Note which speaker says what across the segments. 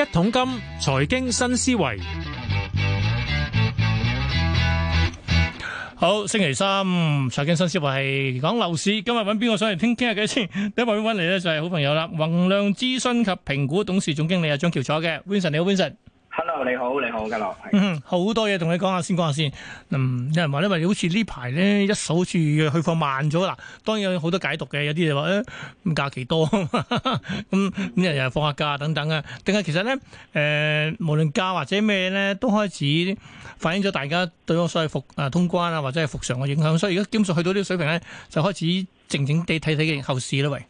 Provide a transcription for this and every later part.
Speaker 1: 一桶金財經新思維，好，星期三財經新思維係講樓市。今日揾邊個想嚟聽聽下偈先？第一位揾嚟咧就係、是、好朋友啦。泓亮諮詢及評估董事總經理阿張翹楚嘅，Vincent 你好，Vincent。Hello，你好，你好，嘉樂。嗯，好多嘢同你講下先，講下先。嗯，有人話咧，話、嗯、好似呢排咧，一手住去放慢咗啦。當然有好多解讀嘅，有啲就話咧，咁、欸、假期多，咁咁日又放下假等等啊。定係其實咧，誒、呃，無論價或者咩咧，都開始反映咗大家對我所謂復、啊、通關啊，或者係復常嘅影響。所以而家基本上去到呢個水平咧，就開始靜靜地睇睇嘅，後市啦，喂。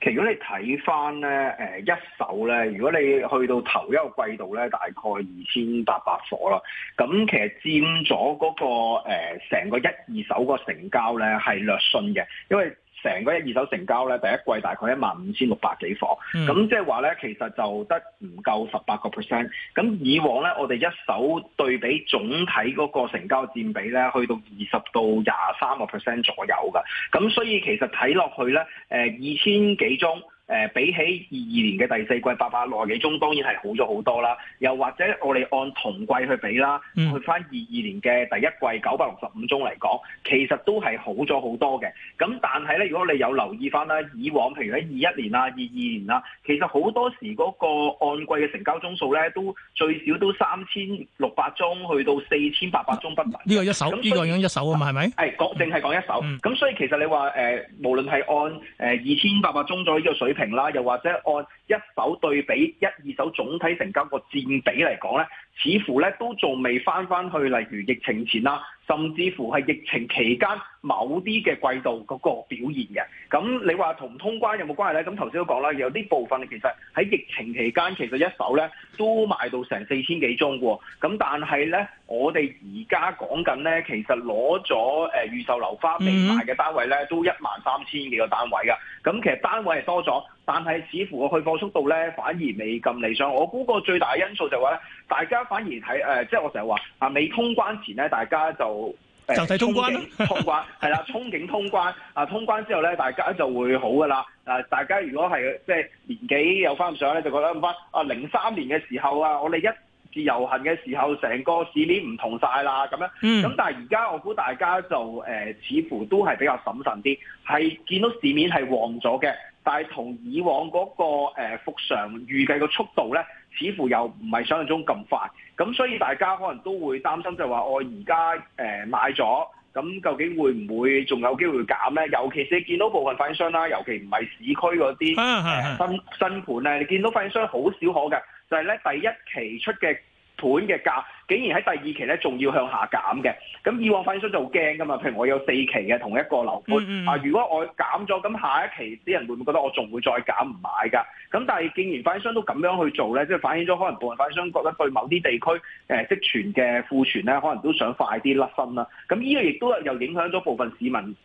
Speaker 2: 其實如果你睇翻咧，誒、呃、一手咧，如果你去到頭一個季度咧，大概二千八百伙啦，咁其實佔咗嗰、嗰個成、呃、個一二手個成交咧係略遜嘅，因為，成個一二手成交咧，第一季大概一萬五千六百幾房，咁即係話咧，其實就得唔夠十八個 percent。咁以往咧，我哋一手對比總體嗰個成交佔比咧，去到二十到廿三個 percent 左右㗎。咁所以其實睇落去咧，誒，二千幾宗。誒、呃、比起二二年嘅第四季八百六十幾宗當然係好咗好多啦，又或者我哋按同季去比啦，去翻二二年嘅第一季九百六十五宗嚟講，其實都係好咗好多嘅。咁但係咧，如果你有留意翻啦，以往譬如喺二一年啊、二二年啊，其實好多時嗰個按季嘅成交宗數咧，都最少都三千六百宗，去到四千八百宗不
Speaker 1: 等。呢、啊這個一手，呢、啊這個樣一手啊嘛，係、哎、
Speaker 2: 咪？係淨係講一手。咁、嗯、所以其實你話、呃、無論係按誒、呃、二千八百宗咗呢個水平。平啦，又或者按一手對比一二手總體成交個佔比嚟講咧，似乎咧都仲未返返去，例如疫情前啦，甚至乎喺疫情期間某啲嘅季度嗰個表現嘅。咁你話同通關有冇關係咧？咁頭先都講啦，有啲部分其實喺疫情期間其實一手咧都賣到成四千幾宗喎。咁但係咧，我哋而家講緊咧，其實攞咗誒預售樓花未賣嘅單位咧，都一萬三千幾個單位㗎。咁其實單位係多咗。但係，似乎個去貨速度咧反而未咁理想。我估個最大嘅因素就係話咧，大家反而睇，即、呃、係、就是、我成日話啊，未通關前咧，大家就、呃、就睇通關通關係啦， 憧憬通關啊，通關之後咧，大家就會好噶啦、啊。大家如果係即係年紀又翻唔上呢，咧，就覺得唔翻啊，零三年嘅時候啊，我哋一自由行嘅時候，成個市面唔同曬啦咁樣。咁、嗯、但係而家我估大家就、呃、似乎都係比較審慎啲，係見到市面係旺咗嘅。但係同以往嗰、嗰個誒復、呃、常預計嘅速度咧，似乎又唔係想像中咁快，咁所以大家可能都會擔心就，就係話我而家、呃、買咗，咁究竟會唔會仲有機會減咧？尤其是你見到部分發展商啦，尤其唔係市區嗰啲、呃、新新盤咧，你見到發展商好少可嘅，就係、是、咧第一期出嘅。盤嘅價竟然喺第二期咧，仲要向下減嘅。咁以往發展商就好驚㗎嘛。譬如我有四期嘅同一個樓盤，嗯嗯啊，如果我減咗，咁下一期啲人會唔會覺得我仲會再減唔買㗎？咁但係既然發展商都咁樣去做咧，即係反映咗可能部分發展商覺得對某啲地區誒、呃、積存嘅庫存咧，可能都想快啲甩身啦、啊。咁呢個亦都又影響咗部分市民誒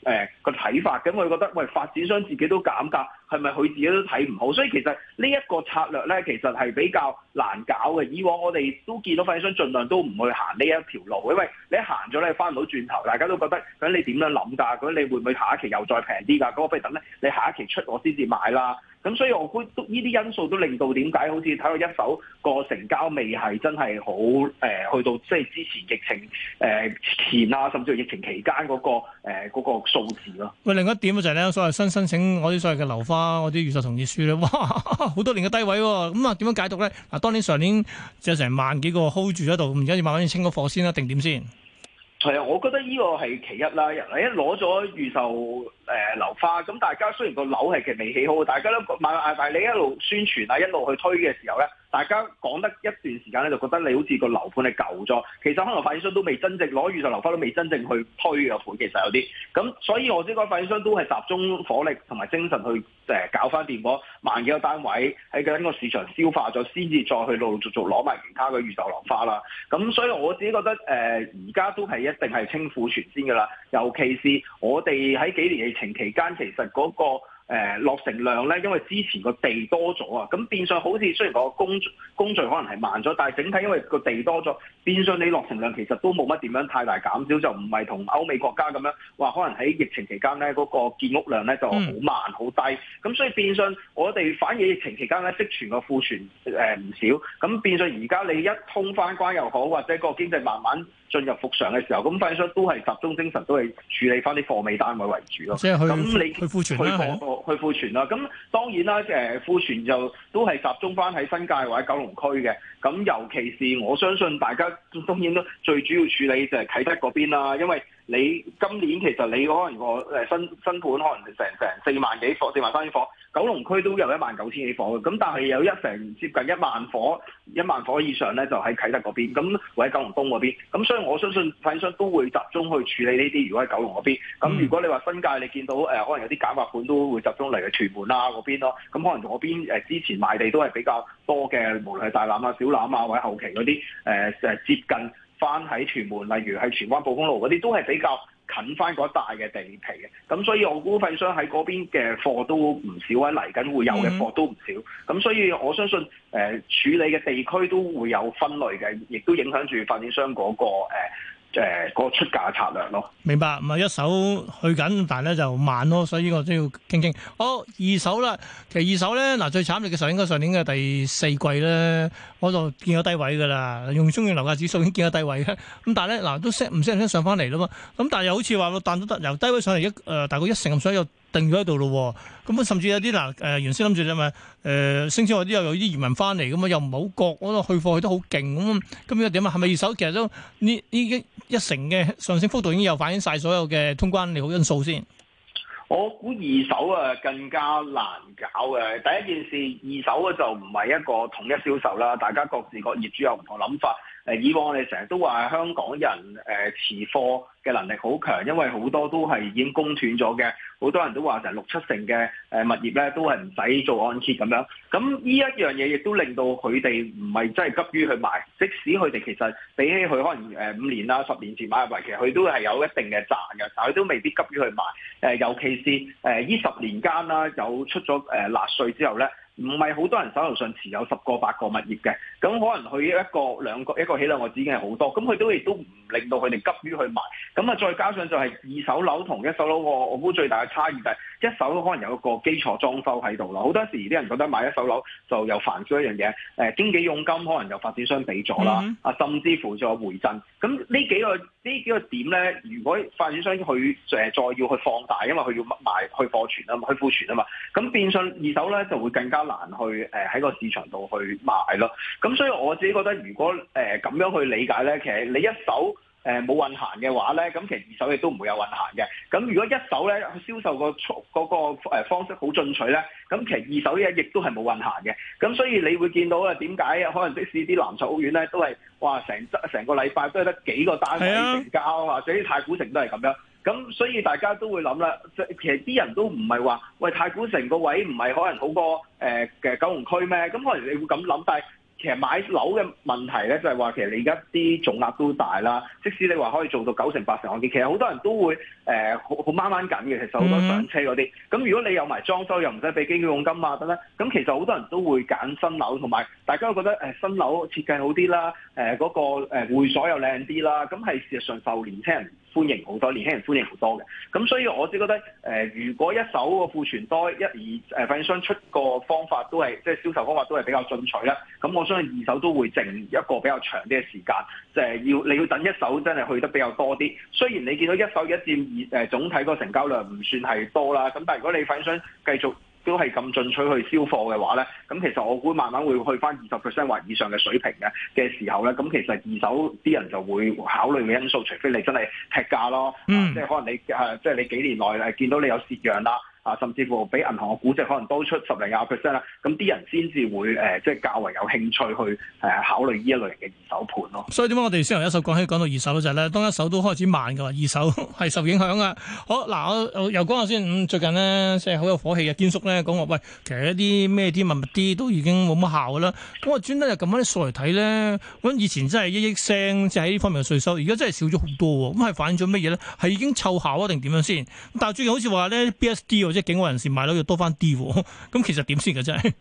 Speaker 2: 個睇法。咁佢覺得喂，發展商自己都減價，係咪佢自己都睇唔好？所以其實呢一個策略咧，其實係比較難搞嘅，以往我哋都見到發展商盡量都唔會行呢一條路，因為你行咗咧，翻唔到轉頭。大家都覺得咁你點樣諗㗎？咁你會唔會下一期又再平啲㗎？咁不如等咧，你下一期出我先至買啦。咁所以我，我估都呢啲因素都令到點解好似睇到一手個成交未係真係好誒、呃，去到即係之前疫情誒前啦，甚至疫情期間嗰、嗰個誒嗰、呃嗰個、數字咯。
Speaker 1: 喂，另外一點就係咧，所謂新申請我啲所謂嘅樓花我啲預售同意書咧，哇，好多年嘅低位喎，咁啊點樣解讀咧？當年上年就成萬幾個 hold 住喺度，而家要慢慢清嗰貨先啦，定點先？
Speaker 2: 係啊，我覺得呢個係其一啦，人一攞咗預售。樓、呃、花咁、嗯，大家雖然個樓係其實未起好，大家都，但係你一路宣傳啊，一路去推嘅時候咧，大家講得一段時間咧，就覺得你好似個樓盤係舊咗。其實可能發展商都未真正攞預售樓花，都未真正去推嘅盤，其實有啲咁。所以我先覺得發展商都係集中火力同埋精神去搞翻掂嗰萬幾個單位，喺等個市場消化咗，先至再去陸陸續續攞埋其他嘅預售樓花啦。咁所以我自己覺得而家都係、呃呃、一定係清庫存先㗎啦。尤其是我哋喺幾年疫情期間，其實嗰個誒落成量咧，因為之前個地多咗啊，咁變相好似雖然個工工序可能係慢咗，但係整體因為個地多咗，變相你落成量其實都冇乜點樣太大減少，就唔係同歐美國家咁樣話可能喺疫情期間咧嗰個建屋量咧就好慢好低，咁所以變相我哋反而疫情期間咧積存個庫存誒唔少，咁變相而家你一通翻關又好，或者個經濟慢慢。進入復常嘅時候，咁發展商都係集中精神，都係處理翻啲貨尾單位為主咯。即係去你去庫存啦，去庫存啦。咁當然啦，庫存就都係集中翻喺新界或者九龍區嘅。咁尤其是我相信大家當然都最主要處理就係啟德嗰邊啦，因為，你今年其實你可能個新新盤可能係成成四萬幾伙四萬三千伙，九龍區都有一萬九千幾伙嘅，咁但係有一成接近一萬伙一萬伙以上咧，就喺啟德嗰邊，咁或者九龍東嗰邊，咁所以我相信發展商都會集中去處理呢啲，如果喺九龍嗰邊。咁如果你話新界，你見到、呃、可能有啲減壓盤都會集中嚟嘅屯門啊嗰邊咯，咁可能嗰邊、呃、之前賣地都係比較多嘅，無論係大欖啊、小欖啊，或者後期嗰啲、呃、接近。翻喺屯門，例如係荃灣寶豐路嗰啲，都係比較近翻嗰帶嘅地皮嘅，咁所以我估發展商喺嗰邊嘅貨都唔少啊，嚟緊會有嘅貨都唔少，咁所以我相信誒、呃、處理嘅地區都會有分類嘅，亦都影響住發展商嗰、嗰個、呃誒嗰個出價策略
Speaker 1: 咯，明白。唔係一手去緊，但咧就慢咯，所以我都要傾傾。哦二手啦，其實二手咧嗱最慘烈嘅時候應該上年嘅第四季咧，我就見咗低位㗎啦，用中原樓價指數已經見咗低位嘅。咁但係咧嗱都 set 唔 set 得上翻嚟啦嘛。咁但係又好似話落彈都得，由低位上嚟一、呃、大概一成咁左右。所以有定咗喺度咯，咁甚至有啲嗱誒原先諗住啫嘛，誒升升我啲又有啲移民翻嚟，咁又唔係好覺，我覺得去貨去得好勁，咁咁依家點啊？係咪二手其實都呢呢一一成嘅上升幅度已經有反映晒所有嘅通關利好因素先？
Speaker 2: 我估二手啊更加難搞嘅，第一件事二手啊就唔係一個統一銷售啦，大家各自個業主有唔同諗法。誒以往我哋成日都話香港人誒持貨嘅能力好強，因為好多都係已經供斷咗嘅，好多人都話成六七成嘅誒物業咧都係唔使做按揭咁樣。咁呢一樣嘢亦都令到佢哋唔係真係急於去賣，即使佢哋其實比起佢可能誒五年啦、十年前買入嚟，其實佢都係有一定嘅賺嘅，但係佢都未必急於去賣。誒尤其是誒依十年間啦，有出咗誒辣稅之後咧。唔係好多人手頭上持有十個八個物業嘅，咁可能佢一個兩個一個起兩個字已經係好多，咁佢都亦都唔令到佢哋急於去買。咁啊，再加上就係二手樓同一手樓，我我估最大嘅差異就係一手樓可能有個個基礎裝修喺度啦。好多時啲人覺得買一手樓就有煩躁一樣嘢，誒經紀佣金可能又發展商俾咗啦，啊甚至乎再回贈。咁呢幾個呢幾個點咧，如果發展商去誒再要去放大，因為佢要賣去貨存啦，去庫存啊嘛，咁變相二手咧就會更加。難去誒喺個市場度去買咯，咁所以我自己覺得，如果誒咁、呃、樣去理解咧，其實你一手誒冇、呃、運行嘅話咧，咁其實二手亦都唔會有運行嘅。咁如果一手咧去銷售的個措嗰方式好進取咧，咁其實二手咧亦都係冇運行嘅。咁所以你會見到啊，點解可能即使啲藍籌屋苑咧都係話成成個禮拜都係得幾個單位成交啊，或者太古城都係咁樣。咁所以大家都會諗啦，即其實啲人都唔係話，喂太古城個位唔係可能好過誒、呃、九龍區咩？咁可能你會咁諗，但係。其實買樓嘅問題咧，就係話其實你而家啲總額都大啦。即使你話可以做到九成八成按揭，其實好多人都會誒好好掹掹緊嘅。其實好多上車嗰啲，咁如果你有埋裝修又唔使俾經紀佣金啊等等，咁其實好多人都會揀新樓，同埋大家都覺得誒新樓設計好啲啦，誒、呃、嗰、那個誒會所又靚啲啦。咁係事實上受年輕人歡迎好多，年輕人歡迎好多嘅。咁所以我只覺得誒、呃，如果一手個庫存多，一而誒發展商出個方法都係即係銷售方法都係比較進取啦。咁我因為二手都會剩一個比較長啲嘅時間，就係、是、要你要等一手真係去得比較多啲。雖然你見到一手一佔二，誒、呃、總體嗰個成交量唔算係多啦。咁但係如果你反想繼續都係咁進取去銷貨嘅話咧，咁其實我估慢慢會去返二十 percent 或以上嘅水平嘅嘅時候咧，咁其實二手啲人就會考慮嘅因素，除非你真係踢價咯，即、嗯、係、啊就是、可能你誒即係你幾年內誒見到你有蝕讓啦。啊，甚至乎比銀行嘅估值可能多出十零廿 percent 啦，咁啲人先至會誒、呃，即係較為有興趣去誒、呃、考慮呢一類型嘅二手
Speaker 1: 盤咯。所以點解我哋先由一手講起，講到二手咧，就係咧，當一手都開始慢嘅話，二手係 受影響嘅。好嗱，我又講下先、嗯。最近咧，即係好有火氣嘅堅叔咧，講話喂，其實一啲咩啲物物啲都已經冇乜效啦。咁我專登又撳翻啲數嚟睇咧，揾以前真係一億聲，即係喺呢方面嘅稅收，而家真係少咗好多喎。咁係反映咗乜嘢咧？係已經奏效啊，定點樣先？但係最近好似話咧，BSD 即係境外人士買到要多翻啲，咁其實點先嘅真
Speaker 2: 係？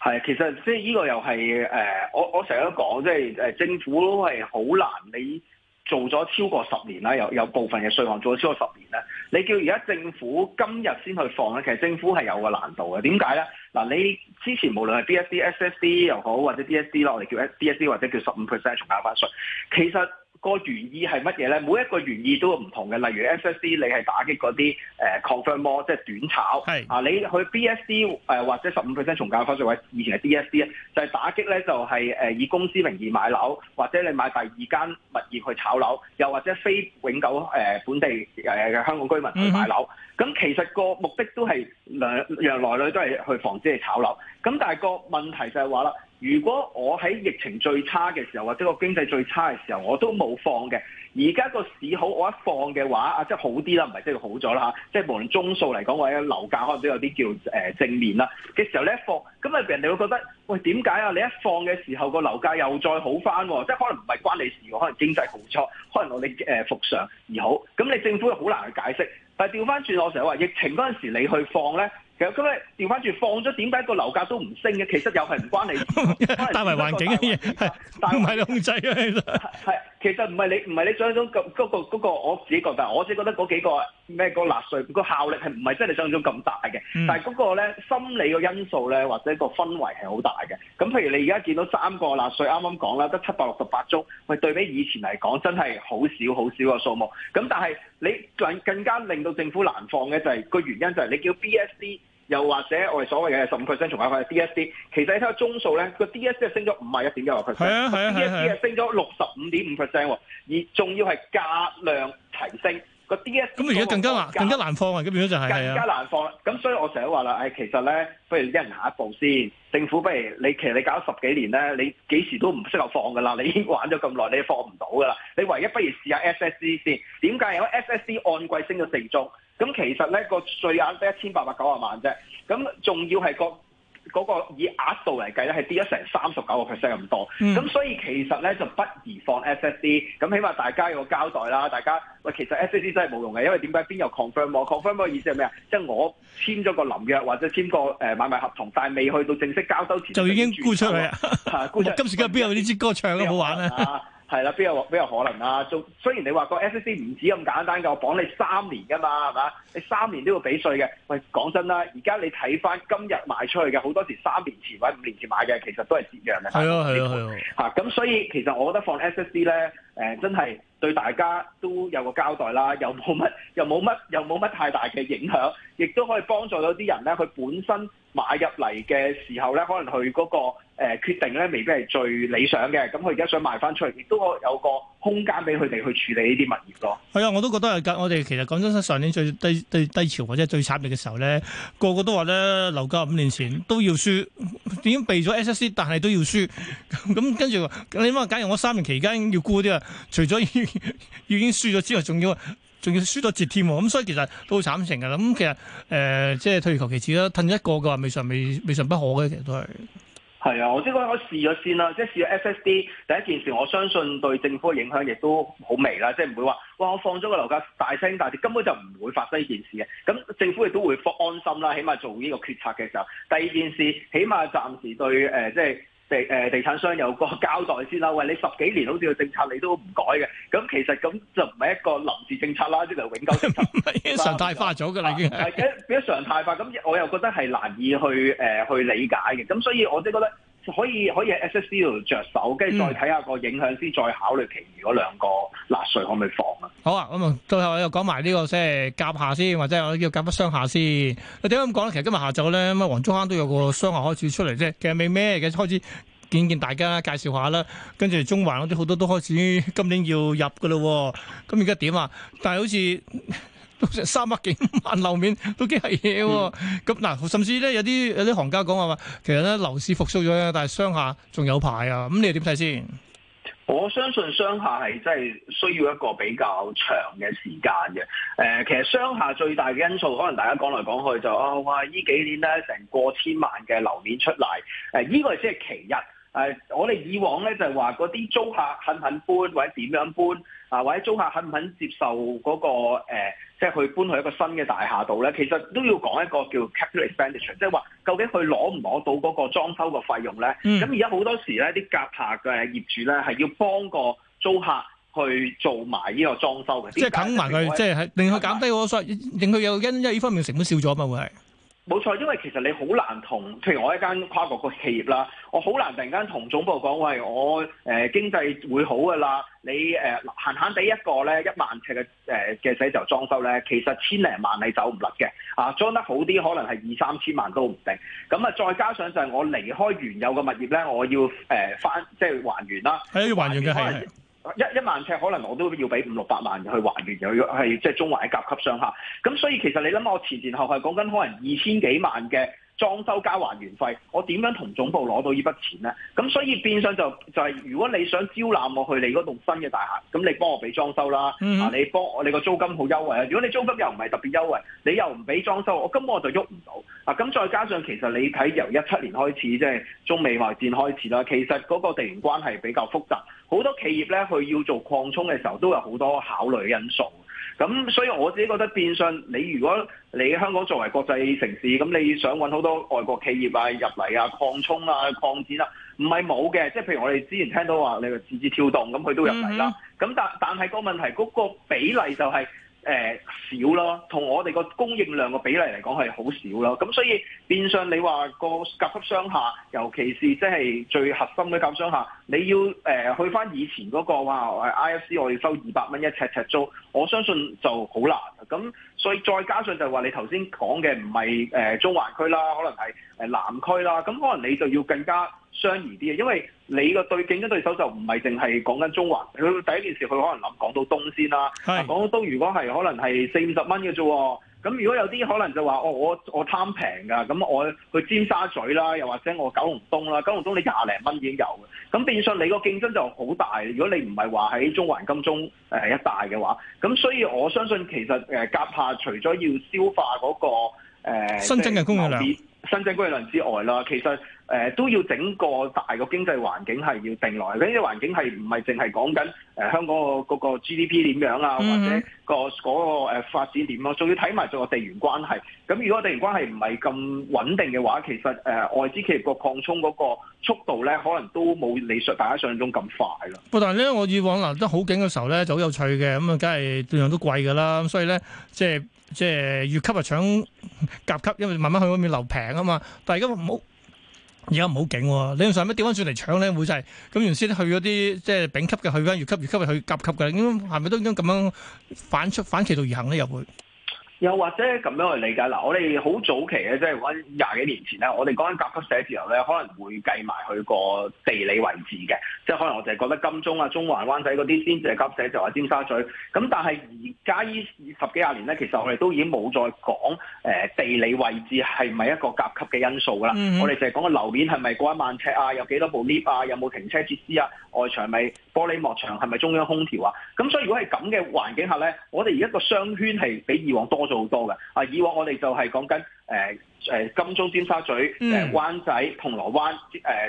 Speaker 2: 係，其實即係呢個又係誒，我我成日都講，即係誒，政府都係好難，你做咗超過十年啦，有有部分嘅稅項做咗超過十年啦，你叫而家政府今日先去放咧，其實政府係有個難度嘅。點解咧？嗱，你之前無論係 B S D S S D 又好，或者 B S D 啦，我哋叫 B S D 或者叫十五 percent 重加翻稅，其實。個原意係乜嘢咧？每一個原意都唔同嘅。例如 SSD 你係打擊嗰啲誒 confirm More，即係短炒。係啊，你去 BSD 誒、呃、或者十五 percent 從價方稅位，以前係 DSD 啊，就係打擊咧，就係誒以公司名義買樓，或者你買第二間物業去炒樓，又或者非永久誒、呃、本地誒嘅、呃、香港居民去買樓。咁、嗯、其實個目的都係來由來來都係去防止你炒樓。咁但係個問題就係話啦。如果我喺疫情最差嘅時候，或者個經濟最差嘅時候我都冇放嘅，而家個市好我一放嘅話啊，即係好啲啦，唔係即係好咗啦嚇，即係無論宗數嚟講或者樓價可能都有啲叫誒正面啦嘅時候你一放，咁啊人哋會覺得喂，點解啊？你一放嘅時候個樓價又再好翻，即係可能唔係關你事喎，可能經濟好咗，可能我哋誒復常而好，咁你政府又好難去解釋。但係調翻轉我成日話疫情嗰陣時你去放咧。其實咁咧，調翻住放咗，點解個樓價都唔升嘅？其實又係唔關 為
Speaker 1: 環為環為環你，大環境嘅嘢，唔係控制嘅。
Speaker 2: 係，其實唔係你，唔係你想像中咁嗰個嗰、嗰個嗰個我自己覺得，我自己覺得嗰幾個咩、嗰個辣稅、嗰個效力係唔係真係想像中咁大嘅、嗯？但係嗰個咧心理個因素咧，或者個氛圍係好大嘅。咁譬如你而家見到三個辣稅，啱啱講啦，得七百六十八宗，喂對比以前嚟講真係好少好少個數目。咁但係你更更加令到政府難放嘅就係個原因，就係你叫 B S D 又或者我哋所謂嘅十五 percent 重壓塊 D S D。其實你睇下宗數咧，個 D S D 係升咗五十一點九 percent，D S D 係升咗六十五點五 percent，而仲要係價量提升。咁
Speaker 1: 而家更加難，更加難放啊！咁而家就係、是、更加難
Speaker 2: 放。咁所以我成日都話啦，誒，其實咧，不如一人行一步先。政府不如你，其實你搞咗十幾年咧，你幾時都唔適合放噶啦。你已經玩咗咁耐，你放唔到噶啦。你唯一不如試下 SSD 先。點解有 SSD 按季升咗四成？咁其實咧個稅額得一千八百九十萬啫。咁仲要係個。嗰、那個以額度嚟計咧係跌咗成三十九個 percent 咁多，咁、嗯、所以其實咧就不宜放 S S D，咁起碼大家有個交代啦，大家喂其實 S S D 真係冇用嘅，因為點解邊有 confirm？confirm 意思係咩啊？即、就、係、是、我簽咗個臨約或者簽個誒買賣合同，但未去到正式交收前
Speaker 1: 就，就已經沽出去。 出去啊！今時今日邊有呢支歌唱啊？好玩啊！
Speaker 2: 係啦、啊，邊有邊有可能啊？做，雖然你話個 SSD 唔止咁簡單㗎，我綁你三年噶嘛，係嘛？你三年都要俾稅嘅。喂，講真啦，而家你睇翻今日買出去嘅，好多時三年前或者五年前買嘅，其實都係折讓嘅。係啊，係啊，係啊！嚇，咁所以其實我覺得放 SSD 咧、呃，真係對大家都有個交代啦，又冇乜，又冇乜，又冇乜太大嘅影響，亦都可以幫助到啲人咧。佢本身買入嚟嘅時候咧，可能佢嗰、個。誒決定咧，未必係最理想嘅。咁佢而家想賣翻出嚟，亦都有個空間俾佢哋去處理呢啲
Speaker 1: 物業咯。係啊，我都覺得係。我哋其實講真，上年最低、低潮或者最慘烈嘅時候咧，個個都話咧，樓價五年前都要輸，已經避咗 SSD，但係都要輸。咁跟住你諗下，假如我三年期間要沽啲啊，除咗已經輸咗之外，仲要仲要輸咗截添喎。咁所以其實都好慘情㗎啦。咁其實誒，即係退而求其次啦，褪一個嘅話，未嘗未未嘗不可嘅，其實都係。
Speaker 2: 係啊，我即係我試咗先啦，即係試咗 SSD。第一件事，我相信對政府嘅影響亦都好微啦，即係唔會話哇，我放咗個樓價大升大跌，根本就唔會發生呢件事嘅。咁政府亦都會放安心啦，起碼做呢個決策嘅時候。第二件事，起碼暫時對、呃、即係。誒誒，地產商有個交代先啦。喂，你十幾年好似個政策，你都唔改嘅。咁其實咁就唔係一個臨時政策啦，即係永久政
Speaker 1: 策，已 經常態化咗嘅啦，已經係
Speaker 2: 係變咗常態化。咁我又覺得係難以去誒、呃、去理解嘅。咁所以我都覺得。可以可以喺 S S C 度着手，跟住再睇下個影響先，再考慮其餘嗰兩個納
Speaker 1: 稅可唔可以放啊？好啊，咁啊，最後我又講埋呢個即係夾下先，或者我叫夾不商下，下先。你點解咁講咧？其實今日下晝咧，咁啊，黃竹坑都有個商下開始出嚟啫。其實未咩嘅開始見見大家介紹下啦。跟住中環嗰啲好多都開始今年要入噶喎。咁而家點啊？但係好似。三百幾萬樓面都幾係嘢喎，咁嗱、嗯，甚至咧有啲有啲行家講話，其實咧樓市復甦咗，但係商下仲有排啊，咁你哋點睇先？
Speaker 2: 我相信商下係真係需要一個比較長嘅時間嘅。誒、呃，其實商下最大嘅因素，可能大家講嚟講去就啊、是，哇！呢幾年咧成過千萬嘅樓面出嚟，誒、呃，呢、這個即係其一。誒、呃，我哋以往咧就係話嗰啲租客肯唔肯搬或者點樣搬。啊！或者租客肯唔肯接受嗰、那個、呃、即係去搬去一個新嘅大廈度咧？其實都要講一個叫 capital expenditure 即係話究竟佢攞唔攞到嗰個裝修嘅費用咧？咁而家好多時咧，啲甲下嘅業主咧係要幫個租客去做埋呢個裝修嘅，即係啃埋佢，即
Speaker 1: 係令佢減低個稅，令佢又因因為呢方面成本少咗嘛，會係。
Speaker 2: 冇錯，因為其實你好難同，譬如我一間跨國個企業啦，我好難突然間同總部講，喂，我誒、呃、經濟會好嘅啦。你誒閒閒地一個咧，一萬尺嘅誒嘅寫字樓裝修咧，其實千零萬你走唔甩嘅。啊，裝得好啲可能係二三千萬都唔定。咁啊，再加上就係我離開原有嘅物業咧，我要誒翻、呃、即係還原啦。係要還原嘅係。一一萬尺可能我都要俾五六百萬去還原，又要係即係中環嘅甲級商客，咁所以其實你諗，我前前後後係講緊可能二千幾萬嘅。裝修加還原費，我點樣同總部攞到呢筆錢呢？咁所以變相就就係，如果你想招攬我去你嗰棟新嘅大廈，咁你幫我俾裝修啦，啊你幫我你個租金好優惠啊！如果你租金又唔係特別優惠，你又唔俾裝修，我根本我就喐唔到啊！咁再加上其實你睇由一七年開始即係，中美貿易戰開始啦，其實嗰個地緣關係比較複雜，好多企業咧佢要做擴充嘅時候都有好多考慮因素。咁所以我自己覺得變相你如果你香港作為國際城市，咁你想揾好多外國企業啊入嚟啊擴充啊擴展啦、啊，唔係冇嘅，即係譬如我哋之前聽到話你嘅字節跳動咁佢都入嚟啦，咁、嗯嗯、但但係個問題嗰、嗰個比例就係、係。誒、呃、少咯，同我哋個供應量嘅比例嚟講係好少咯，咁所以變相你話個甲級商廈，尤其是即係最核心嘅甲級商廈，你要、呃、去翻以前嗰、那個話 IFC 我要收二百蚊一尺尺租，我相信就好難。咁所以再加上就係話你頭先講嘅唔係誒、中環區啦，可能係南區啦，咁可能你就要更加。相宜啲嘅，因為你個對競爭對手就唔係淨係講緊中環。佢第一件事，佢可能諗講到東先啦。講到東，如果係可能係四五十蚊嘅啫喎。咁如果有啲可能就話：哦，我我，我貪平㗎。咁我去尖沙咀啦，又或者我九龍東啦。九龍東你廿零蚊已經有嘅。咁變相你個競爭就好大。如果你唔係話喺中環金鐘誒一帶嘅話，咁所以我相信其實誒夾下除咗要消化嗰個誒新增嘅供應量，新增供應量之外啦，其實。誒都要整個大個經濟環境係要定落嚟。呢個環境係唔係淨係講緊誒香港個嗰個 GDP 點樣啊？或者個嗰個誒發展點咯，仲、嗯、要睇埋做地緣關係。咁如果地緣關係唔係咁穩定嘅話，其實誒外資企業個擴充嗰個速度咧，可能都冇你上大家想像中咁快咯。不
Speaker 1: 過但係咧，我以往嗱得好景嘅時候咧就好有趣嘅，咁啊梗係對象都貴㗎啦，咁所以咧即係即係越級啊搶甲級，因為慢慢去嗰邊樓平啊嘛。但係而家好。而家唔好景喎，理論上係咪調翻轉嚟搶咧？會就係咁原先去嗰啲即係丙級嘅，去翻乙級，乙級去甲級嘅，應該係咪都應該咁樣反出反其道而行咧？又會？
Speaker 2: 又或者咁樣去理解嗱，我哋好早期咧，即係話廿幾年前咧，我哋講緊甲級寫字樓咧，可能會計埋佢個地理位置嘅，即係可能我淨係覺得金鐘啊、中環、灣仔嗰啲先至係甲寫，就話尖沙咀。咁但係而家呢，十幾廿年咧，其實我哋都已經冇再講誒地理位置係咪一個甲級嘅因素啦。Mm -hmm. 我哋淨係講個樓面係咪過一萬尺啊，有幾多部 lift 啊，有冇停車設施啊，外牆咪玻璃幕牆，係咪中央空調啊。咁所以如果係咁嘅環境下咧，我哋而家個商圈係比以往多。好多嘅，啊以往我哋就係講緊誒誒，金鐘、尖沙咀、誒灣仔、銅鑼灣誒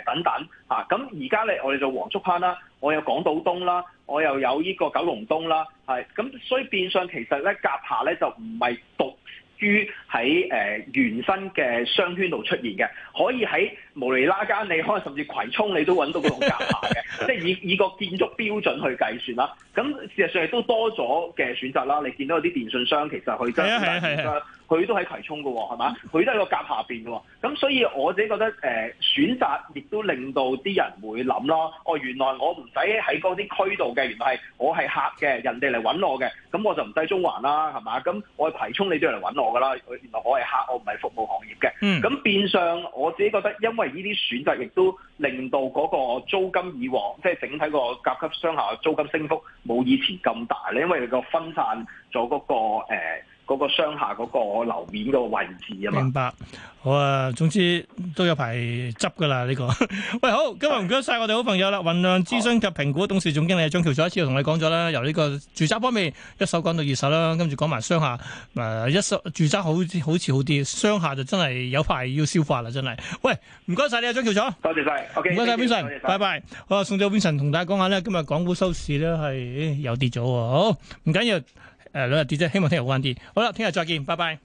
Speaker 2: 等等，吓咁而家咧我哋就黃竹坑啦，我有港島東啦，我又有呢個九龍東啦，係咁所以變相其實咧甲廈咧就唔係獨於喺誒原生嘅商圈度出現嘅，可以喺。無釐啦間，你可能甚至葵涌你都揾到嗰種夾下嘅， 即係以以個建築標準去計算啦。咁事實上亦都多咗嘅選擇啦。你見到有啲電訊商其實佢真係佢 都喺葵涌嘅喎，係嘛？佢 都喺個夾下邊嘅喎。咁所以我自己覺得誒、呃，選擇亦都令到啲人會諗咯。哦，原來我唔使喺嗰啲區度嘅，原來係我係客嘅，人哋嚟揾我嘅，咁我就唔使中環啦，係嘛？咁我係葵涌，你都人嚟揾我㗎啦。原來我係客人，我唔係服務行業嘅。咁 變相我自己覺得，因為呢啲選擇，亦都令到嗰個租金以往，即、就、係、是、整體個甲級商廈嘅租金升幅冇以前咁大咧，因為個分散咗嗰、那個、呃嗰、那個商下
Speaker 1: 嗰個樓面嗰個位置啊嘛，明白。好啊，總之都有排執噶啦呢個。 喂，好，今日唔該晒我哋好朋友啦，泓亮諮詢及評估董事總經理張翹楚，一次又同你講咗啦，由呢個住宅方面一手講到二手啦，跟住講埋商下、呃、一手住宅好好似好啲，商下就真係有排要消化啦，真係。喂，唔該晒你啊，張翹楚，多謝晒。唔該曬 Winson，拜拜。啊，送咗 Winson 同大家講下咧，今日港股收市咧係有跌咗喎，好唔緊要。誒兩日跌啫，希望聽日好返啲。好啦，聽日再見，拜拜。